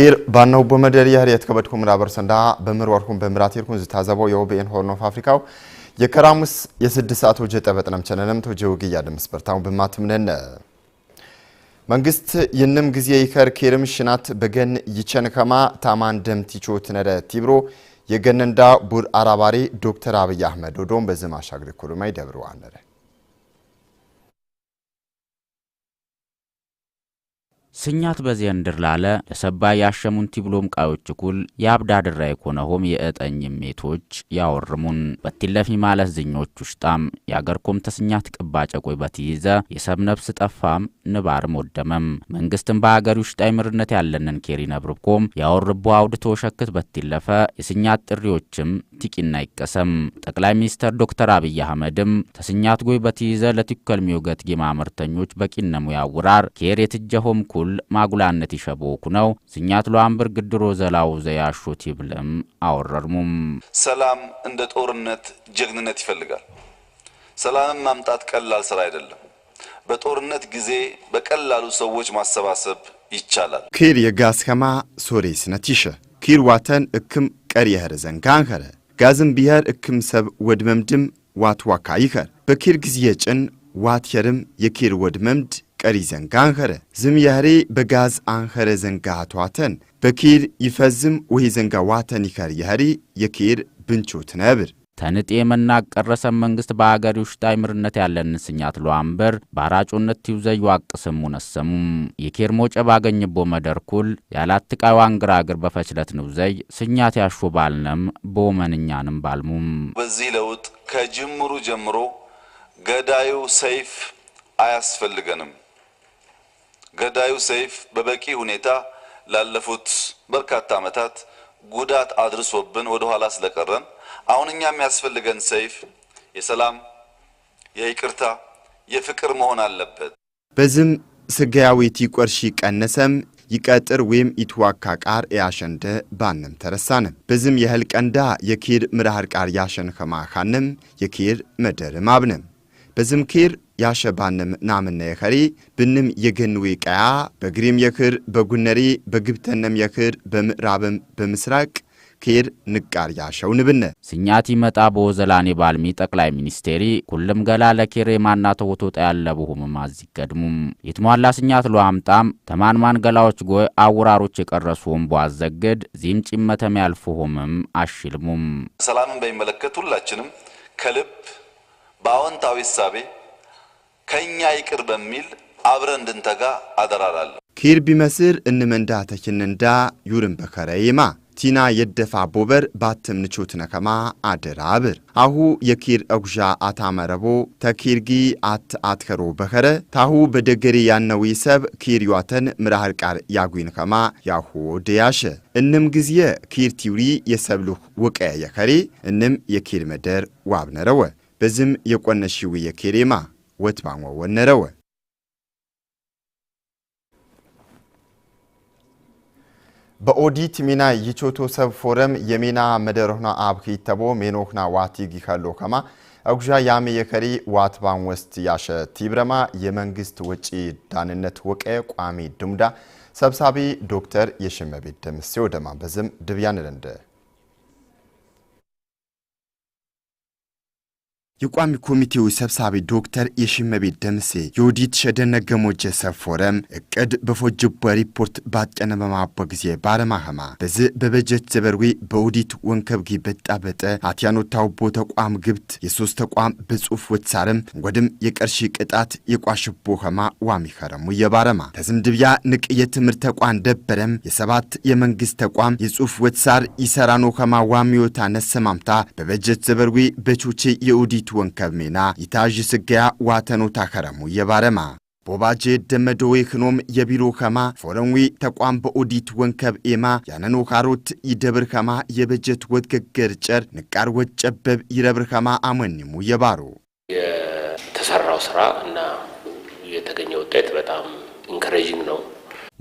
ኪር ባናው በመደር ያህር የተከበድኩ ምራበር ሰንዳ በምር ወርኩም በምራት ይርኩን ዝታዘበው የኦቢኤን ሆርን ኦፍ አፍሪካው የከራሙስ የስድስት ሰዓት ወጀ ጠበጥነም ቸነንም ተወጀ ውግያ ደምስበርታው በማትምነን መንግስት ይንም ጊዜ ይከር ኬርም ሽናት በገን ከማ ታማን ደምቲቾት ነደ ቲብሮ የገነንዳ ቡር አራባሪ ዶክተር አብይ አህመድ ዶዶም በዝም አሻግር ኩሉማይ ደብሩ አነረ ስኛት በዚያን ድርላለ ለሰባ ያሸሙን ቲብሎም ቃዮች እኩል የአብዳ ድራይ ኮነሆም የእጠኝም ሜቶች ያወርሙን በቲለፊ ማለት ዝኞች ውሽጣም የአገርኮም ተስኛት ቅባጨ ቆይ በትይዘ የሰብ ነብስ ጠፋም ንባርም ወደመም መንግስትም በአገር ውሽጣዊ ምርነት ያለንን ኬሪ ነብርኮም ያወርቦ አውድቶ ሸክት በቲለፈ የስኛት ጥሪዎችም ቲቂና ይቀሰም ጠቅላይ ሚኒስተር ዶክተር አብይ አህመድም ተስኛት ጎይ በትይዘ ለቲኩከልሚውገት ጌማ ምርተኞች በቂነሙ ያውራር ኬር የትጀሆም ኩል ሉል ማጉላነት ይሸቦ ነው ዝኛት ሉአንብር ግድሮ ዘላው ዘያሾት ይብልም አወረርሙም ሰላም እንደ ጦርነት ጀግንነት ይፈልጋል። ሰላምን ማምጣት ቀላል ስራ አይደለም። በጦርነት ጊዜ በቀላሉ ሰዎች ማሰባሰብ ይቻላል። ኪር የጋስከማ ሶሬ ስነቲሸ ኪር ዋተን እክም ቀር የኸረ ዘንጋንኸረ ጋዝም ብሔር እክም ሰብ ወድመምድም ዋት ዋካ ይኸር በኪር ጊዜ ጭን ዋት የርም የኪር ወድመምድ ቀሪ ዘንጋ አንኸረ ዝምያህሬ በጋዝ አንኸረ ዘንጋ አቷተን በኪር ይፈዝም ወይ ዘንጋ ዋተን ይኸር ያህሪ የኪር ብንቾት ነብር ተንጤ መናቀረሰን መንግስት በአገሪ ውሽጣ ምርነት ያለን ስኛት ለዋንበር በአራጮነት ቲውዘዩ ነሰሙ የኬር ሞጨ ባገኝቦ መደርኩል ያላትቃይ ዋንግራግር በፈችለት ንውዘይ ስኛት ያሹ ባልነም በወመንኛንም ባልሙም በዚህ ለውጥ ከጅምሩ ጀምሮ ገዳዩ ሰይፍ አያስፈልገንም። ገዳዩ ሰይፍ በበቂ ሁኔታ ላለፉት በርካታ ዓመታት ጉዳት አድርሶብን ወደ ኋላ ስለቀረን አሁን እኛ የሚያስፈልገን ሰይፍ የሰላም፣ የይቅርታ፣ የፍቅር መሆን አለበት። በዝም ስጋያዊ ቲቆርሺ ቀነሰም ይቀጥር ወይም ኢትዋካ ቃር ያሸንደ ባንም ተረሳንም በዝም የህል ቀንዳ የኪር ምራህር ቃር ያሸን ኸማኻንም የኪር መደርም አብንም በዝምኪር ያሸባንም ናምነ የኸሪ ብንም የገንዊ ቀያ በግሪም የክር በጉነሪ በግብተነም የክር በምዕራብም በምስራቅ ኬር ንቃር ያሸው ንብነ ስኛት ይመጣ በወዘላኔ ባልሚ ጠቅላይ ሚኒስቴሪ ኩልም ገላ ለኬር የማና ተወቶጣ ያለብሁም አዚገድሙም የትሟላ ስኛት ሉአምጣም ተማንማን ገላዎች ጎይ አውራሮች የቀረሱውም በአዘገድ ዚህም ጭመተም ያልፉሁምም አሽልሙም ሰላምን በሚመለከት ሁላችንም ከልብ በአዎንታዊ እሳቤ ከእኛ ይቅር በሚል አብረን እንድንተጋ አደራላለሁ። ኪር ቢመስር እንመንዳ ተችንንዳ ዩርን በከረይማ ቲና የደፋ ቦበር ባትም ንቾት ነከማ አደራ አብር አሁ የኪር እጉዣ አታመረቦ ተኪርጊ አት አትከሮ በከረ ታሁ በደገሪ ያነዊ ሰብ ኪር ዩዋተን ምራህር ቃር ያጉን ከማ ያሁ ደያሸ እንም ጊዜ ኪር ቲውሪ የሰብሉህ ውቀ የከሬ እንም የኪር መደር ዋብነረወ በዝም የቈነሺው የኬሬማ ወትባንወ ወነረወ በኦዲት ሚና ይቾቶ ሰብ ፎረም የሚና መደረሆና አብኪ ተቦ ሜኖክና ዋቲ ጊካሎ ከማ አጉዣ ያሜ የከሪ ዋትባን ወስት ያሸ ቲብረማ የመንግስት ወጪ ዳንነት ወቀ ቋሚ ድምዳ ሰብሳቢ ዶክተር የሽመቤት ደምሴ ወደማ በዝም ድብያን ለንደ የቋሚ ኮሚቴው ሰብሳቢ ዶክተር የሽመቤት ደምሴ የኦዲት ሸደነገሞጀ ሰፎረም እቅድ በፎጅበ ሪፖርት በማቦ ጊዜ ባረማኸማ በዝ በበጀት ዘበርዌ በኦዲት ወንከብጊ በጣበጠ አትያኖታውቦ ተቋም ግብት የሶስት ተቋም በጽሁፍ ወትሳርም ወድም የቀርሺ ቅጣት የቋሽቦ ኸማ ዋሚ ኸረሙ የባረማ ተዝምድብያ ንቅ የትምህርት ተቋም ደበረም የሰባት የመንግስት ተቋም የጽሁፍ ወትሳር ይሰራኖ ኸማ ዋሚዮታ ነሰማምታ በበጀት ዘበርዌ በቾቼ የኦዲት ወንከብ ሜና ይታዥ ስጋያ ዋተኖ ታከረሙ የባረማ ቦባጄ ደመዶዌ ህኖም የቢሮ ኸማ ፎረንዊ ተቋም በኦዲት ወንከብ ኤማ ያነኖ ካሮት ይደብር ኸማ የበጀት ወትገገር ጨር ንቃር ወጨበብ ይረብር ኸማ አመኒሙ የባሩ የተሰራው ስራ እና የተገኘ ውጤት በጣም ኢንከሬጂንግ ነው።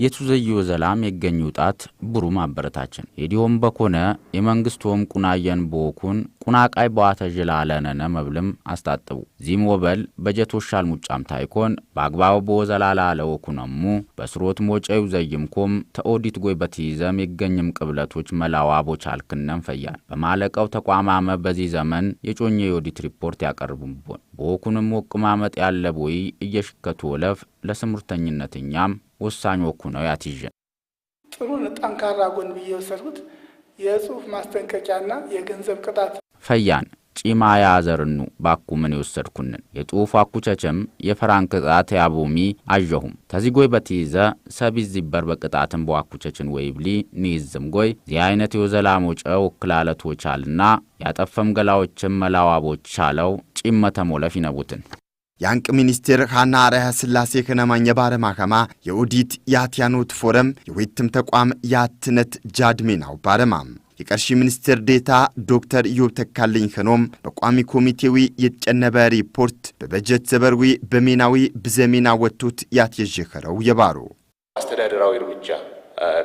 የቱዘዩ ዘላም የገኙ ጣት ብሩም ማበረታችን የዲሆም በኮነ የመንግስቶም ቁናየን ቦኩን ቁናቃይ በዋተ ዥላለነነ መብልም አስታጥቡ ዚህም ወበል በጀቶሻል ሙጫም ታይኮን በአግባቡ በወዘላላ ለወኩነሙ በስሮት ሞጨዩ ዘይምኮም ተኦዲት ጎይ በትይዘም የገኝም ቅብለቶች መላዋ ቦቻልክነም ፈያል በማለቀው ተቋማመ በዚህ ዘመን የጮኘ የኦዲት ሪፖርት ያቀርቡም ቦን በወኩንም ወቅማመጥ ያለ ቦይ እየሽከቱ ወለፍ ለስምርተኝነትኛም ወሳኝ ወኩ ነው ያትዥ ጥሩ ጠንካራ ጎን ብዬ የወሰድኩት የጽሁፍ ማስጠንቀቂያና የገንዘብ ቅጣት ፈያን ጪማ ያዘርኑ ባኩ ምን የወሰድኩንን የጽሁፍ አኩቸችም የፈራን ቅጣት ያቦሚ አዠሁም ተዚህ ጎይ በትይዘ ሰቢዝ ዚበር በቅጣትን በዋኩቸችን ወይብሊ ንይዝም ጎይ ዚህ አይነት የወዘላሞጨ ወክላለቶቻልና ያጠፈም ገላዎችም መላዋቦች ቻለው ጪመተ ሞለፍ ይነቡትን የአንቅ ሚኒስቴር ሃና አርያ ስላሴ ከነማኝ የባረማ ኸማ የኦዲት የአትያኖት ፎረም የዌትም ተቋም የአትነት ጃድሜናው ባረማም የቀርሺ ሚኒስቴር ዴታ ዶክተር ኢዮብ ተካልኝ ኸኖም በቋሚ ኮሚቴዊ የተጨነበ ሪፖርት በበጀት ዘበርዊ በሜናዊ ብዘሜና ወጥቶት ያትየዠኸረው የባሩ አስተዳደራዊ እርምጃ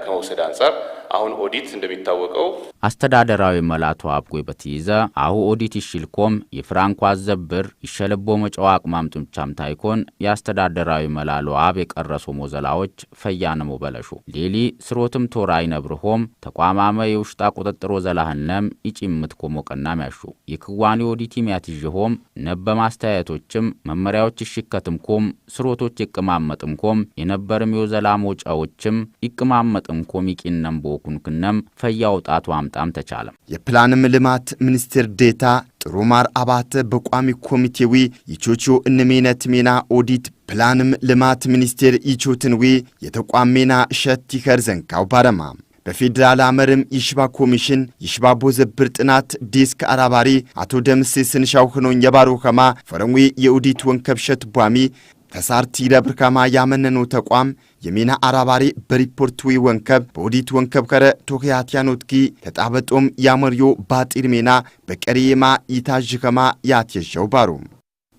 ከመውሰድ አንጻር አሁን ኦዲት እንደሚታወቀው አስተዳደራዊ መላቱ አብጎይ በትይዘ አሁ ኦዲት ይሽልኮም የፍራንኳ ዘብር ይሸለቦ አቅማም ጥምቻም ታይኮን የአስተዳደራዊ መላሎ አብ የቀረሶ ሞዘላዎች ፈያነሞ በለሹ ሌሊ ስሮትም ቶራ አይነብርሆም ተቋማመ የውሽጣ ቁጥጥሮ ዘላህነም ይጭምት ኮሞቀና ሚያሹ የክዋኔ ኦዲት ያትዥሆም ነበ ማስተያየቶችም መመሪያዎች ይሽከትምኮም ስሮቶች ይቅማመጥምኮም የነበርም የወዘላ መውጫዎችም ይቅማመጥምኮም ይቂነምቦ ኩንክነም ፈያው ጣቱ አምጣም ተቻለም የፕላንም ልማት ሚኒስትር ዴታ ጥሩማር አባተ በቋሚ ኮሚቴዊ ኢቾቾ እንሜነት ሜና ኦዲት ፕላንም ልማት ሚኒስቴር ኢቾትንዌ የተቋም ሜና ሸት ይኸር ዘንካው ባረማ በፌዴራል አመርም ይሽባ ኮሚሽን ይሽባ ቦዘብር ጥናት ዲስክ አራባሪ አቶ ደምሴ ስንሻው ህኖን የባሮ ከማ ፈረንዌ የኡዲት ወንከብሸት ቧሚ ተሳርቲ ለብርከማ ያመነኑ ተቋም የሜና አራባሪ በሪፖርት በሪፖርትዊ ወንከብ በኦዲት ወንከብ ከረ ቶክያትያኖትኪ ተጣበጦም ያመርዮ ባጢር ሜና በቀሪየማ ይታዥከማ ያትየሸው ባሩም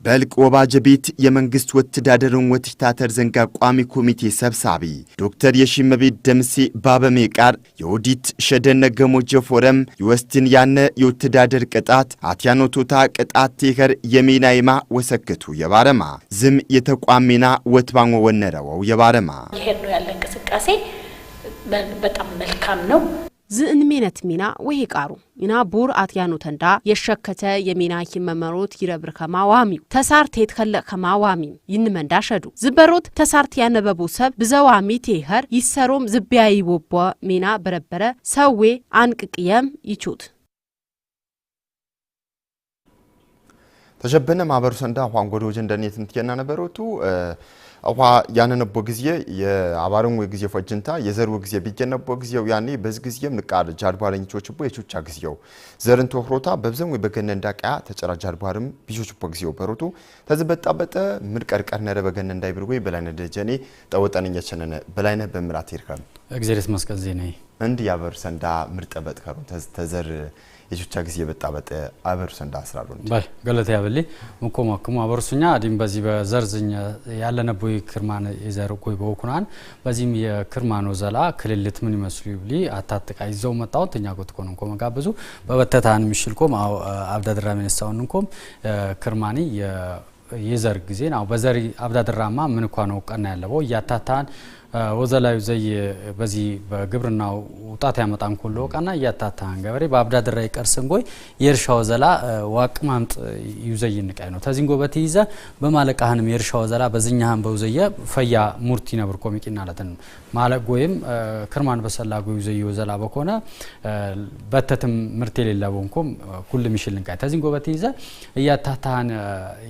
በልቅ ወባጀ ቤት የመንግስት ወትዳደርን ወትታተር ዘንጋ ቋሚ ኮሚቴ ሰብሳቢ ዶክተር የሺመቤት ደምሴ ባበሜ ቃር የኦዲት ሸደነ ገሞጀ ፎረም ይወስትን ያነ የወትዳደር ቅጣት አትያኖቶታ ቅጣት ቴከር የሜና ይማ ወሰክቱ የባረማ ዝም የተቋም ሜና ወትባንወ ወነረወው የባረማ ይሄ ነው ያለ እንቅስቃሴ በጣም መልካም ነው። ዝእንሜነት ሚና ወይ ቃሩ ኢና ቡር አትያኑ ተንዳ የሸከተ የሚና ሂመመሮት ይረብር ከማ ዋሚው ተሳርት የትከለቅ ከማ ዋሚም ይንመንዳ ሸዱ ዝበሮት ተሳርት ያነበቡ ሰብ ብዘዋሚ ቴኸር ይሰሮም ዝቢያይ ቦቦ ሚና በረበረ ሰዌ አንቅቅየም ይቹት ተሸበነ ማህበሩ ሰንዳ ኋንጎዶጅ እንደኔ ትንትየና ነበሮቱ አዋ ያነነቦ ጊዜ የአባረን ወይ ጊዜ ፈጅንታ የዘር ወይ ጊዜ ቢገነቦ ጊዜው ያኔ በዝ ጊዜም ንቃር ጃድባረኞች ቦ የቹቻ ጊዜው ዘርን ተወክሮታ በብዘም ወይ በገነ እንዳቃያ ተጨራ ጃድባርም ቢሾች ቦ ጊዜው በሮቱ ተዝበጣበጠ ምድቀርቀር ነረ በገነ እንዳይብር ወይ በላይነ ደጀኔ ጠወጠነኛ ቸነነ በላይነ በምራት ይርከም እግዚአብሔር ይመስገን ዜና እንዲህ ያበር ሰንዳ ምርጠበት ከሩ ተዘር የቹቻ ጊዜ በጣበጠ አበርሱንዳ አስራሩ ባይ ገለተ ያበሊ ሙኮ ማክሙ አበርሱኛ አዲም በዚህ በዘርዝኛ ያለነቦ ክርማን የዘር ቆይ በኩናን በዚህም የክርማኖ ዘላ ክልልት ምን ይመስሉ ይብሊ አታጥቃ ይዘው መጣው ተኛ ጎት ነው እንኮ መጋብዙ በበተታን ምሽል ኮም አብዳድራ ሚኒስታውን እንኮም ክርማኒ የዘር ጊዜ ነው በዘሪ አብዳድራማ ምን እንኳን ቀና ያለበው እያታታን ወዘላዩ ዘይ በዚህ በግብርናው ውጣት ያመጣን ኩሎ ወቃና እያታታን ገበሬ በአብዳ ድራይ ቀርስን ጎይ የእርሻ ወዘላ ዋቅማምጥ ይዘይ ዩዘይ ንቃይ ነው ተዚን ጎበት ይዘ በማለቃህንም የእርሻ ወዘላ በዝኛህን በውዘየ ፈያ ሙርቲ ነብር ኮሚቂና ለተን ማለቅ ጎይም ክርማን በሰላ ጎይ ዩዘይ ወዘላ በኮነ በተትም ምርት የሌለ ቦንኮም ኩል ሚሽል ንቃይ ተዚን ጎበት ይዘ እያታታን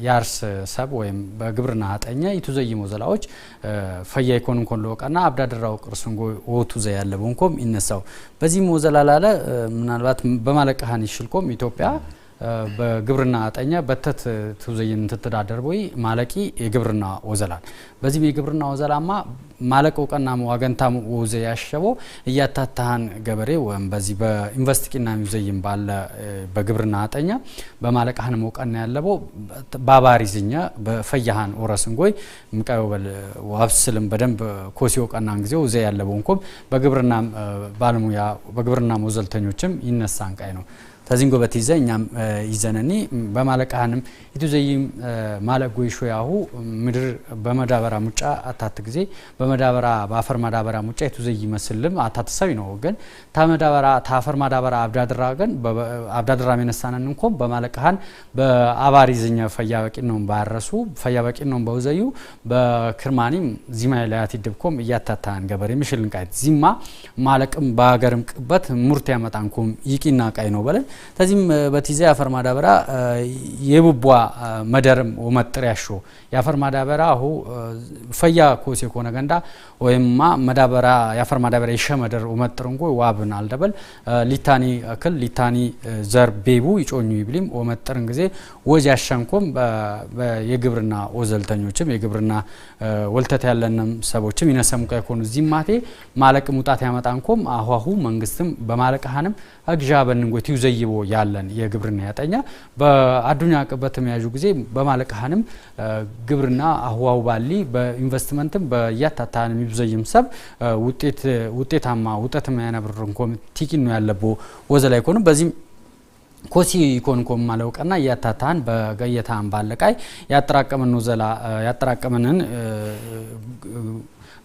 ያርስ ሰብ ወይም በግብርና አጠኛ ይቱ ይቱዘይ ወዘላዎች ፈያ ይኮንን ኮሎ ጠበቃና አብዳድራው ቅርሱን ወቱ ዘ ያለ ቦንኮም ይነሳው በዚህ ሞ ምናልባት በማለቀሃን ይሽልኮም ኢትዮጵያ በግብርና አጠኛ በተት ትውዘይን ትተዳደር ወይ ማለቂ የግብርና ወዘላል በዚህም የግብርና ወዘላማ ማለቅ እውቀና ዋገንታ ወዘ ያሸቦ እያታታሃን ገበሬ ወይም በዚህ በኢንቨስትቂና ሚዘይም ባለ በግብርና አጠኛ በማለቃህን መውቀና ያለቦ ባባሪ ዝኛ በፈያሃን ወረስን ጎይ ምቃዮበል ዋብስልም በደንብ ኮሲ ወቀናን ጊዜ ወዘ ያለቦ እንኮብ በግብርና ባለሙያ በግብርና ወዘልተኞችም ይነሳን ቃይ ነው ተዚንጎ በትይዘ እኛም ይዘነኒ በማለቃህንም ይቱዘይም ማለቅ ጎይሾ ያሁ ምድር በመዳበራ ሙጫ አታት ጊዜ በመዳበራ በአፈር ማዳበራ ሙጫ ዘይ ይመስልም አታት ሰብ ነው ግን ታመዳበራ ታፈር ማዳበራ አብዳድራ ግን አብዳድራ ሜነሳነን እንኮ በማለቃህን በአባሪ ዝኛ ፈያበቂ ነው ባረሱ ፈያበቂ ነው በውዘዩ በክርማኒም ዚማ ላያት ይድብኮም እያታታን ገበሬ ምሽልን ቃይት ዚማ ማለቅም በሀገርም ቅበት ሙርት ያመጣንኩም ይቂና ቃይ ነው በለን ተዚህም በቲዜ የአፈር ማዳበራ የቡቧ መደርም ወመጥሪያሾ የአፈር ማዳበራ ሁ ፈያ ኮሴ ኮነ ገንዳ ወይማ መዳበራ የአፈር ማዳበራ ይሸ መደር ወመጥር እንጎ ዋብን አልደበል ሊታኒ እክል ሊታኒ ዘር ቤቡ ይጮኙ ይብሊም ወመጥርን ጊዜ ወዝ ያሸንኩም የግብርና ወዘልተኞችም የግብርና ወልተት ያለንም ሰቦችም ይነሰሙ ይኮኑ እዚህ ማቴ ማለቅ ሙጣት ያመጣንኮም አሁ አሁሁ መንግስትም በማለቅሃንም አግዣ በንንጎት ይዘይ ተመይቦ ያለን የግብርና ያጠኛ በአዱኛ በተመያዡ ጊዜ በማለቃህንም ግብርና አህዋው ባሊ በኢንቨስትመንትም በያታታን የሚብዘይም ሰብ ውጤት ውጤታማ ውጠትም ያነብርን ኮም ነው ያለቦ ወዘ ላይ ኮኑ በዚህም ኮሲ ኢኮን ኮም ማለውቀና ያታታን በገየታን ባለቃይ ያጠራቀመን ነው ዘላ ያጠራቀመንን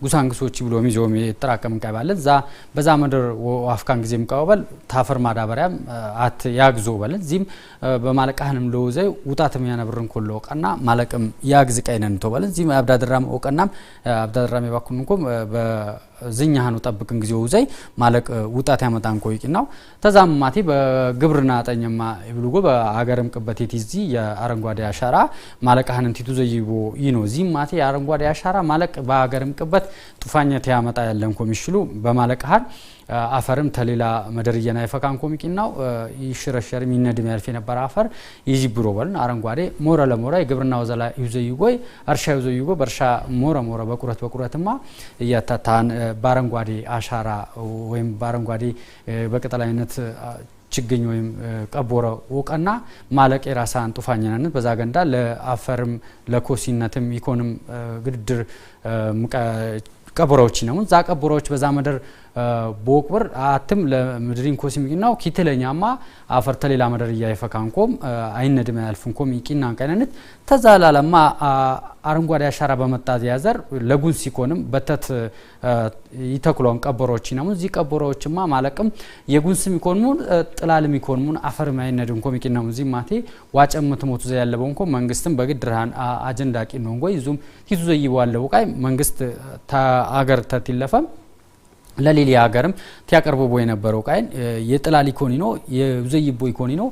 ጉሳንግሶች ብሎ ሚዞም የጠራቀም ቀይ ዛ በዛ ምድር አፍካን ጊዜም ቀበል ታፈር ማዳበሪያም አት ያግዞ በለን ዚም በማለቃህንም ለውዘይ ውጣትም ያነብርን ኮሎ ቀና ማለቅም ያግዝ ቀይነን ተበለን ዚም አብዳድራም ወቀናም አብዳድራም የባኩንኩም በ ዝኛህኑ ጠብቅን ጊዜው ዘይ ማለቅ ውጣት ያመጣን ኮይቅናው ተዛማቲ በግብርና ጠኝማ ይብልጎ በሀገርም ቅበት የቲዚ የአረንጓዴ አሻራ ማለቃህን እንቲቱ ዘይቦ ይህ ነው ዚህ ማቴ የአረንጓዴ አሻራ ማለቅ በሀገርም ቅበት ጡፋኘት ያመጣ ያለን ኮሚሽሉ በማለቃህን አፈርም ተሌላ መደርየ የፈካን ፈካን ኮሚቂናው ይሽረሸር ሚነድ የሚያልፍ የነበረ አፈር ይዚ ብሮ በልን አረንጓዴ ሞረ ለሞረ የግብርና ወዘላ ይዘይጎይ እርሻ ይጎ በእርሻ ሞረ ሞረ በቁረት በቁረትማ እያታታን በአረንጓዴ አሻራ ወይም በአረንጓዴ በቅጠል አይነት ችግኝ ወይም ቀቦረ ውቀና ማለቅ የራሳ አንጡፋኝነት በዛ ገንዳ ለአፈርም ለኮሲነትም ኢኮንም ግድድር ቀቦራዎች ነው ዛ ቀቦራዎች በዛ መደር ቦቅብር አትም ለምድሪን ኮሲሚቂናው ኪትለኛማ አፈርተ ሌላ መደር እያይፈካንኮም አይነድመ ያልፍንኮም ይቂናን ቀነንት ተዛላለማ አረንጓዴ አሻራ በመጣ ያዘር ለጉን ሲኮንም በተት ይተክሏን ቀበሮዎች ነሙ እዚ ቀበሮዎችማ ማለቅም የጉንስም ይኮንሙን ጥላልም ይኮንሙን አፈር ማይነድን ኮሚቂ ነሙ እዚ ማቴ ዋጨምት ሞቱ ዘ ያለበውን ኮ መንግስትም በግድርሃን አጀንዳ ቂ ነው እንጎይ ዙም ቲቱ ዘይዋለው ቃይ መንግስት አገር ተትለፈም ለሌላ ሀገርም ቲያቀርቦ ቲያቀርብቦ የነበረው ቃይን የጥላል ኢኮኒ ነው የዘይቦ ኢኮኒ ነው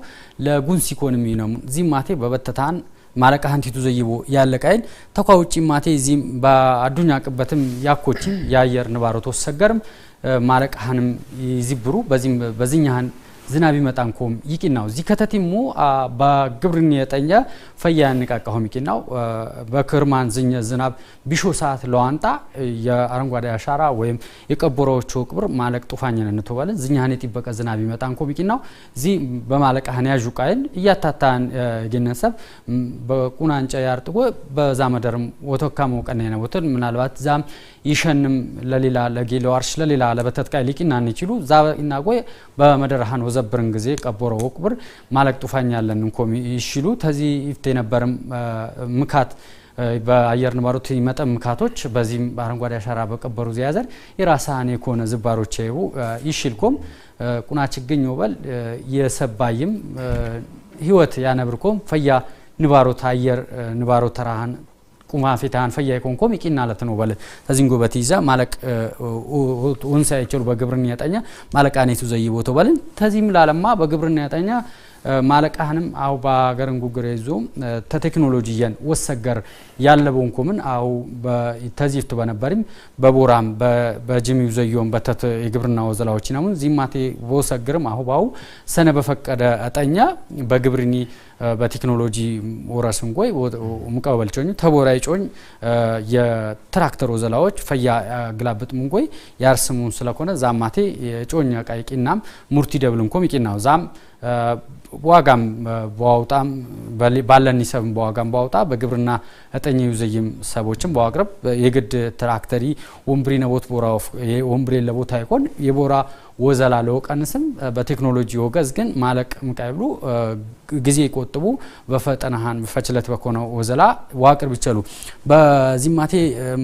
ለጉንስ ኢኮኖሚ ነው ዚም ማቴ በበተታን ማለቃ ማለቃህንቲቱ ዘይቦ ያለ ቃይን ተኳውጪ ማቴ ዚም በአዱኛ ቅበትም ያኮቺም የአየር ንባሮ ተወሰገርም ማለቃህንም ይዝብሩ በዚህም በዚህኛህን ዝናብ ይመጣን ኮም ይቂናው እዚ ሞ በግብርን የጠኛ ፈያ ንቃቀሆም ይቂናው በክርማን ዝኘ ዝናብ ቢሾ ሰዓት ለዋንጣ የአረንጓዴ አሻራ ወይም የቀቦሮዎቹ ቅብር ማለቅ ጡፋኝን እንትወለን ዝኛ ሀኔ ጥበቀ ዝናብ ይመጣን ኮም ይቂናው እዚ በማለቅ ሀኔያ ቃይን እያታታን ግነሰብ በቁናንጨ ያርጥጎ በዛ መደርም ወተካ መውቀና ነቦትን ምናልባት ዛም ይሸንም ለሌላ ለጌሎ አርሽ ለሌላ ለበተጥቃይ ሊቂና እንችሉ ዛበ ኢናጎይ በመደረሃን ወዘብርን ጊዜ ቀቦረ ወቅብር ማለቅ ጡፋኛ ያለን እንኮም ይሽሉ ተዚ ይፍት የነበርም ምካት በአየር ንባሮት መጠን ምካቶች በዚህም በአረንጓዴ አሻራ በቀበሩ ዘያዘር የራሳን የኮነ ዝባሮች ይቡ ይሽልኮም ቁና ችግኝ ወበል የሰባይም ህይወት ያነብርኮም ፈያ ንባሮት አየር ንባሮት ተራሃን ቁማፊ ታን ፈያ ኮንኮም ይቂና ለት ነው በለ ተዚን ጉበት ይዛ ማለቅ ወንሳ ይችሉ በግብርና ያጠኛ ማለቃኔቱ ዘይቦቶ በለ ተዚም ላለማ በግብርና ያጠኛ ማለቃህንም አው ባገርን ጉግር ይዞ ተቴክኖሎጂ ያን ወሰገር ያለበውን ኮምን አው ተዚፍት በነበርም በቦራም በጅሚው ዘዮም በተት የግብርና ወዘላዎች ነው ዚማቴ ወሰግርም አሁባው ሰነ በፈቀደ አጠኛ በግብርኒ በቴክኖሎጂ ወረስን ጎይ ሙቀበል ጮኝ ተቦራይ ጮኝ የትራክተር ወዘላዎች ፈያ ግላብጥ ሙንጎይ ያርስሙን ስለኮነ ዛማቴ የጮኛ ቃይቂናም ሙርቲ ደብልን ኮም ይቂናው ዛም ዋጋም በዋውጣም ባለን ይሰብም በዋጋም በዋውጣ በግብርና እጠኝ ዩዘይም ሰቦችም በዋቅረብ የግድ ትራክተሪ ወንብሪ ነቦት ቦራ ወንብሪ ለቦታ አይኮን የቦራ ወዘላለው ቀንስም በቴክኖሎጂ ወገዝ ግን ማለቅ ምቀብሉ ጊዜ ይቆጥቡ በፈጠናሃን በፈችለት በኮነ ወዘላ ዋቅር ብቸሉ ማቴ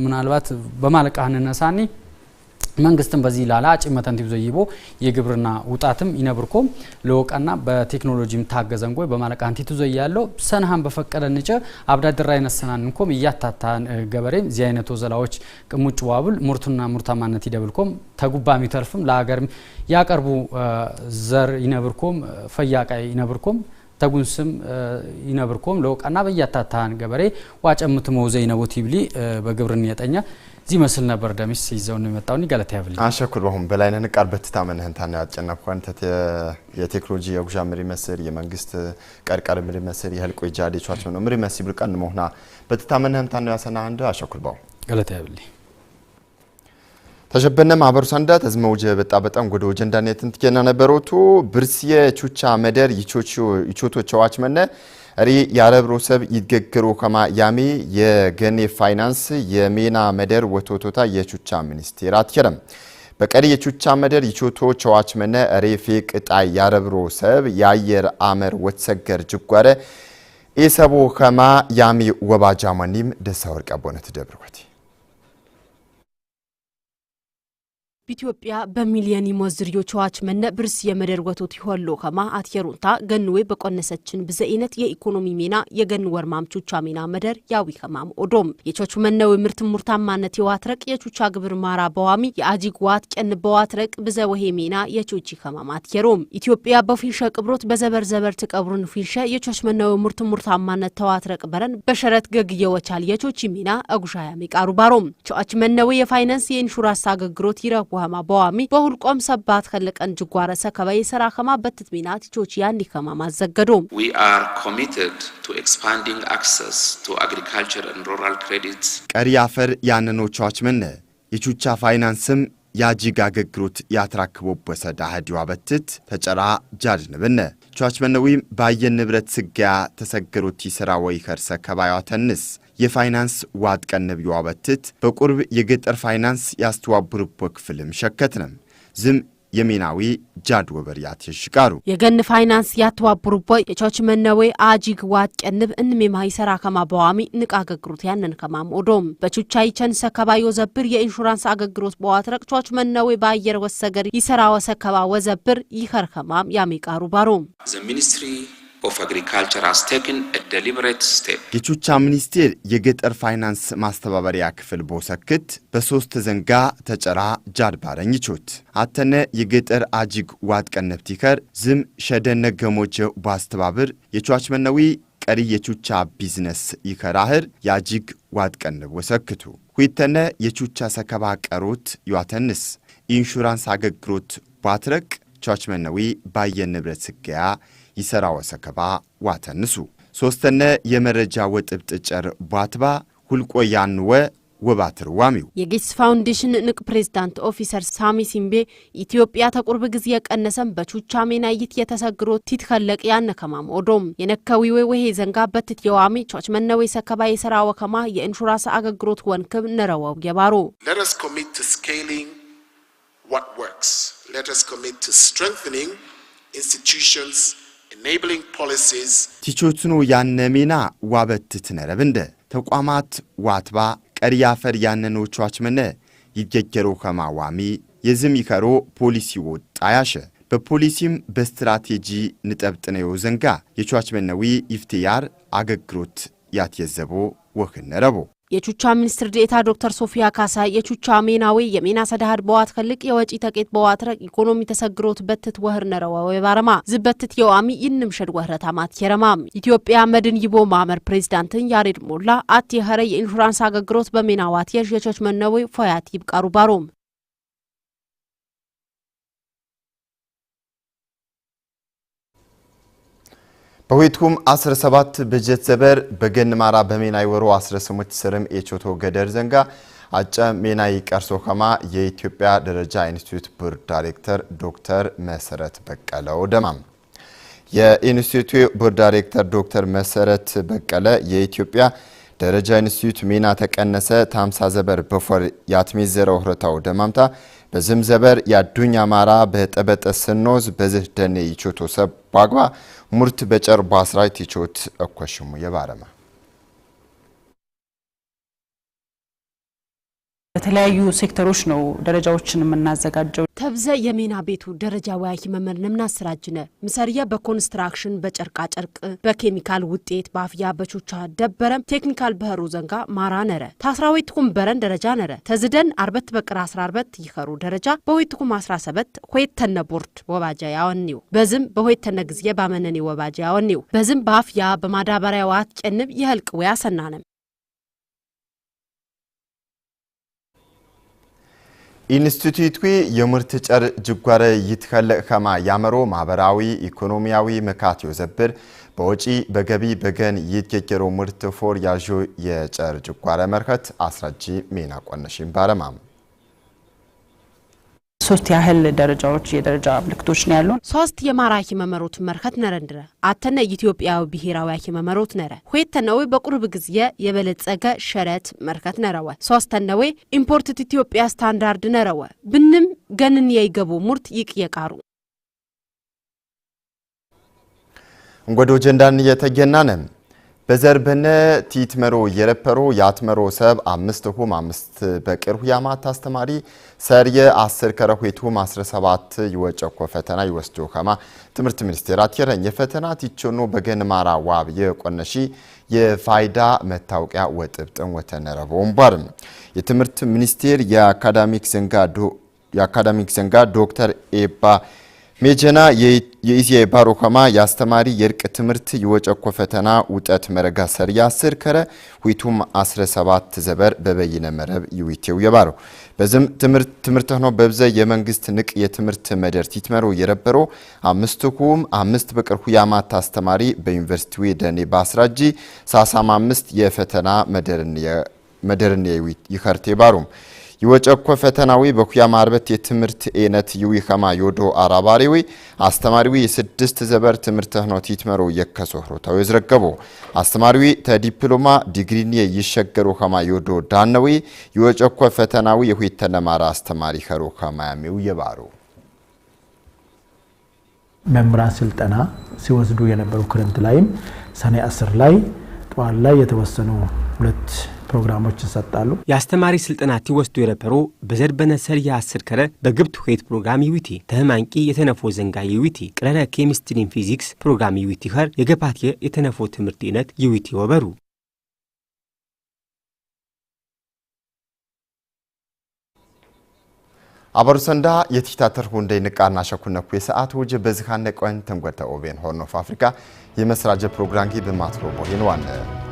ምናልባት በማለቃህን ነሳኒ መንግስትም በዚህ ላላ ጭመተንቲብ ዘይቦ የግብርና ውጣትም ይነብርኮ ለወቃና በቴክኖሎጂም ታገዘን ጎይ በማለቃንቲ ትዞ ያለው ሰንሃን በፈቀደ ንጨ አብዳድራ አይነሰናን እንኮም እያታታን ገበሬም እዚህ አይነቶ ዘላዎች ቅሙጭ ዋብል ሙርቱና ሙርታማነት ይደብልኮም ተጉባም ይተርፍም ለሀገርም ያቀርቡ ዘር ይነብርኮም ፈያቃይ ይነብርኮም ተጉንስም ይነብርኮም ለወቃና በያታታን ገበሬ ዋጨምት መውዘ ይነቦት ይብሊ በግብርን የጠኛ እዚህ መስል ነበር ደሚስ ይዘው ነው የመጣው ኒ ገለታ ያብል አሸኩል በሁን በላይነ ንቃር በትታ መንህን ታና ያጨናኳን ተተ የቴክኖሎጂ የጉዣ ምሪ መስል የመንግስት ቀርቀር ምሪ መስል የህልቆ ይጃዲ ቻቸው ነው ምሪ መስል ብልቀን መሆና በትታ መንህን ታና ያሰና አንድ አሸኩል በሁን ገለታ ያብል ተሸበነ ማህበሩ ሳንዳ ተዝመውጀ በጣ በጣም ጎዶ ጀንዳኔትን ትከና ነበሮቱ ብርስየ ቹቻ መደር ይቾቾ ይቾቶ ቸዋች መነ ሪ የአረብሮሰብ ይትገግሮ ከማ ያሜ የገኔ ፋይናንስ የሜና መደር ወቶቶታ የቹቻ ሚኒስቴር አትከረም በቀሪ የቹቻ መደር ይቾቶ ቸዋች መነ ሬፌ ቅጣይ ጣይ የአረብሮሰብ የአየር አመር ወትሰገር ጅጓረ ኤሰቦ ከማ ያሜ ወባጃ መኒም ደሳወርቅ አቦነት ደብርወቴ ኢትዮጵያ በሚሊየን ዮቸዋች መነ ብርስ የመደር ወቶት ይሆሎ ከማ አትየሩንታ ገንዌ በቆነሰችን ብዘኢነት የኢኮኖሚ ሜና የገን ወርማም ቹቻ ሜና መደር ያዊ ከማም ኦዶም የቾቹ መነው ምርት ሙርታማነት የዋትረቅ የቹቻ ግብር ማራ በዋሚ የአጂግ ዋት ቀን በዋትረቅ ብዘ ወሄ ሜና የቾቺ ከማም አትየሮም ኢትዮጵያ በፊንሸ ቅብሮት በዘበር ዘበር ትቀብሩን ፊንሸ የቾች መነው ምርት ሙርታማነት ተዋትረቅ በረን በሸረት ገግ የወቻል የቾቺ ሜና አጉሻያ ሜቃሩ ባሮም ቾች መነው የፋይናንስ የኢንሹራንስ አገግሮት ይረዋ ኸማ በዋሚ በሁልቆም ሰባት ከልቀን ጅጓረሰ ከበይ የሰራ ከማ በትት ሚናት ቾች ያንዲ ኸማ ማዘገዱ we are committed to expanding access to agriculture and rural credits ቀሪ አፈር ያነኖቻች ምን የቹቻ ፋይናንስም የአጂግ አገግሮት ያትራክቦበሰ ዳህዲዋ በትት ተጨራ ጃድንብነ ቿች መነዊም ባየን ንብረት ስጋያ ተሰገሮት ይሰራ ወይ ከርሰ ከባያዋ ተንስ የፋይናንስ ዋት ቀንብ ይዋበትት በቁርብ የገጠር ፋይናንስ ያስተዋብርቦ ክፍልም ሸከትንም ዝም የሜናዊ ጃድ ወበር ያትሽቃሩ የገን ፋይናንስ ያተዋብሩቦ የቾች መነዌ አጂግ ዋት ቀንብ እንሜማ ይሰራ ከማ በዋሚ ንቃ አገግሩት ያንን ከማም ኦዶም በቹቻይ ቸን ከባ ዮዘብር የኢንሹራንስ አገግሮት በዋትረቅ ቾች መነዌ በአየር ወሰገር ይሰራ ወሰከባ ወዘብር ይኸር ከማም ያሜቃሩ ሚኒስትሪ የቹቻ ሚኒስቴር የገጠር ፋይናንስ ማስተባበሪያ ክፍል ቦሰክት በሶስት ዘንጋ ተጨራ ጃድባረኝ ቾት አተነ የገጠር አጂግ ዋጥቀነብ ዝም ሸደነ ገሞጀ ባስተባብር የቿች መነዊ ቀሪ የቹቻ ቢዝነስ ይከራህር የአጂግ ዋጥቀነብ ወሰክቱ ሁይተነ የቹቻ ሰከባ ቀሮት ዩዋተንስ ኢንሹራንስ አገልግሎት ባትረቅ ቻች መነዊ ባየ ንብረት ስገያ ይሰራ ወሰከባ ዋተንሱ ሶስተነ የመረጃ ወጥብ ጥጨር ቧትባ ሁልቆ ያንወ ወባትርዋሚው የጌትስ ፋውንዴሽን ንቅ ፕሬዚዳንት ኦፊሰር ሳሚ ሲምቤ ኢትዮጵያ ተቁርብ ጊዜ የቀነሰን በቹቻ ሜናይት የተሰግሮ ቲት ከለቅ ያነ ከማም ኦዶም የነከዊዌ ወሄ ዘንጋ በትት የዋሚ ቾች መነዌ ሰከባ የሰራ ወከማ የኢንሹራንስ አገልግሎት ወንክብ ነረዋው የባሮ let us commit to strengthening institutions, enabling policies. ቲቾትኑ ያነሜና ዋበት ትነረብንደ ተቋማት ዋትባ ቀሪ ያፈር ያነኖቿች መነ ይገገሮ ከማዋሚ የዝም ይከሮ ፖሊሲ ወጣ ያሸ በፖሊሲም በስትራቴጂ ንጠብጥነዮ ዘንጋ የቿች መነዊ ይፍትያር አገግሮት ያትየዘቦ ወክነረቦ የቹቻ ሚኒስትር ዴታ ዶክተር ሶፊያ ካሳ የቹቻ ሜናዌ የሜና ሰዳሃድ በዋት ከልቅ የወጪ ተቄት በዋትረቅ ኢኮኖሚ ተሰግሮት በትት ወህር ነረዋ ባረማ ዝበትት የዋሚ ይንምሸድ ወህረታ ማት የረማም ኢትዮጵያ መድን ይቦ ማመር ፕሬዚዳንትን ያሬድ ሞላ አት የኸረ የኢንሹራንስ አገግሮት በሜናዋት የሽ የቸች መነዌ ፎያት ይብቃሩ ባሮም በዊትኩም 17 በጀት ዘበር በገን ማራ በሜናይ ወሮ 18 ስርም የቾቶ ገደር ዘንጋ አጨ ሜናይ ቀርሶ ከማ የኢትዮጵያ ደረጃ ኢንስቲትዩት ቡር ዳይሬክተር ዶክተር መሰረት በቀለው ደማም የኢንስቲትዩቱ ቡር ዳይሬክተር ዶክተር መሰረት በቀለ የኢትዮጵያ ደረጃ ኢንስቲትዩት ሜና ተቀነሰ ታምሳ ዘበር በፎር ያትሚዘረው ህረታው ደማምታ በዝም ዘበር ያዱኛ ማራ በጠበጠ ስኖዝ በዝህ ደኔ ይቾቶ ሰብ ዋግባ ሙርት በጨር በ12 እኮሽሙ የባረማ በተለያዩ ሴክተሮች ነው ደረጃዎችን የምናዘጋጀው። ተብዘ የሜና ቤቱ ደረጃ ወያይ መመርነምና ስራጅነ ምሰርየ በኮንስትራክሽን በጨርቃ ጨርቅ በኬሚካል ውጤት በአፍያ በቾቻ ደበረም ቴክኒካል በህሩ ዘንጋ ማራ ነረ ታስራዊትኩም በረን ደረጃ ነረ ተዝደን አርበት በቅር 14 ይኸሩ ደረጃ በሆይ ትኩም 17 ሆይተነ ቦርድ ወባጃ ያወኒው በዝም በሆይተነ ጊዜ ባመነኔ ወባጃ ያወኒው በዝም በአፍያ በማዳበሪያ ዋት ጨንብ የህልቅ ወያ ሰናነም ኢንስቲትዩቱ የምርት ጨር ጅጓረ ይትኸለእ ከማ ያመሮ ማህበራዊ ኢኮኖሚያዊ ምካት ዮዘብር በወጪ በገቢ በገን ይትኬኬሮ ምርት ፎር ያዦ የጨር ጅጓረ መርከት አስራጂ ሜና ቆነሽን ባረማም ሶስት ያህል ደረጃዎች የደረጃ ምልክቶች ነው ያሉን። ሶስት የማራ ኪመ መርከት ነረንድረ አተነ ኢትዮጵያዊ ብሔራዊ ኪመ መሮት ነረ ሁየተነዌ በቁርብ ጊዜ የበለጸገ ሸረት መርከት ነረወ ሶስተነዌ ኢምፖርትት ኢትዮጵያ ስታንዳርድ ነረወ ብንም ገንን የይገቡ ሙርት ይቅየቃሩ እንጎዶ ጀንዳን እየተገናነም በዘርበነ ቲትመሮ የረፐሮ ያትመሮ ሰብ አምስት ሁም አምስት በቅር ሁያማት አስተማሪ ሰርየ አስር ከረሁት ሁም 17 ይወጨኮ ፈተና ይወስዶ ከማ ትምህርት ሚኒስቴር አትየረኝ የፈተና ቲቾኖ በገንማራ ዋብ የቆነሺ የፋይዳ መታወቂያ ወጥብጥን ወተነረቦ ወንባርም የትምህርት ሚኒስቴር የአካዳሚክ ዘንጋ ዶክተር ኤባ ሜቼና የኢሲያ የፓሮኸማ የአስተማሪ የእርቅ ትምህርት የወጨኮ ፈተና ውጠት መረጋ ሰሪያ ስር ከረ ሁይቱም 17 ዘበር በበይነ መረብ ይዊቴው የባረው በዝም ትምህርት ሆኖ በብዘ የመንግስት ንቅ የትምህርት መደር ቲትመሮ የረበሮ አምስት ኩም አምስት በቅር ሁያማት አስተማሪ በዩኒቨርሲቲ ደኔ ባስራጂ ሳሳም አምስት የፈተና መደርን የዊት ይከርቴ ባሩም ይወጨኮ ፈተናዊ በኩያ ማርበት የትምህርት ኤነት ይዊኸማ ዮዶ አራባሪዊ አስተማሪዊ የስድስት ዘበር ትምህርት ህኖት ይትመሮ የከሶህሮታው የዝረገቦ አስተማሪዊ ተዲፕሎማ ዲግሪን ይሸገሩ ከማ ዮዶ ዳነዊ ይወጨኮ ፈተናዊ የሁት ተለማራ አስተማሪ ከሩ ከማያሚው የባሩ መምህራን ስልጠና ሲወስዱ የነበሩ ክረምት ላይም ሰኔ አስር ላይ ጠዋት ላይ የተወሰኑ ሁለት ፕሮግራሞች ይሰጣሉ። የአስተማሪ ስልጠናት ይወስዱ የነበሩ በዘድ በነሰል የአስር ከረ በግብት ሁሄት ፕሮግራም ይዊቲ ተህማንቂ የተነፎ ዘንጋ ይዊቲ ቅረረ ኬሚስትሪን ፊዚክስ ፕሮግራም ይዊቲ ኸር የገባትየ የተነፎ ትምህርት ይነት ይዊቲ ወበሩ አበሩ ሰንዳ የቲታተር ሁንደ ንቃና ሸኩነኩ የሰዓት ውጅ በዚህ ቀን ተንጓተ ኦቤን ሆርን ኦፍ አፍሪካ የመስራጀ ፕሮግራም ጊ በማትሮ ቦሄን ዋነ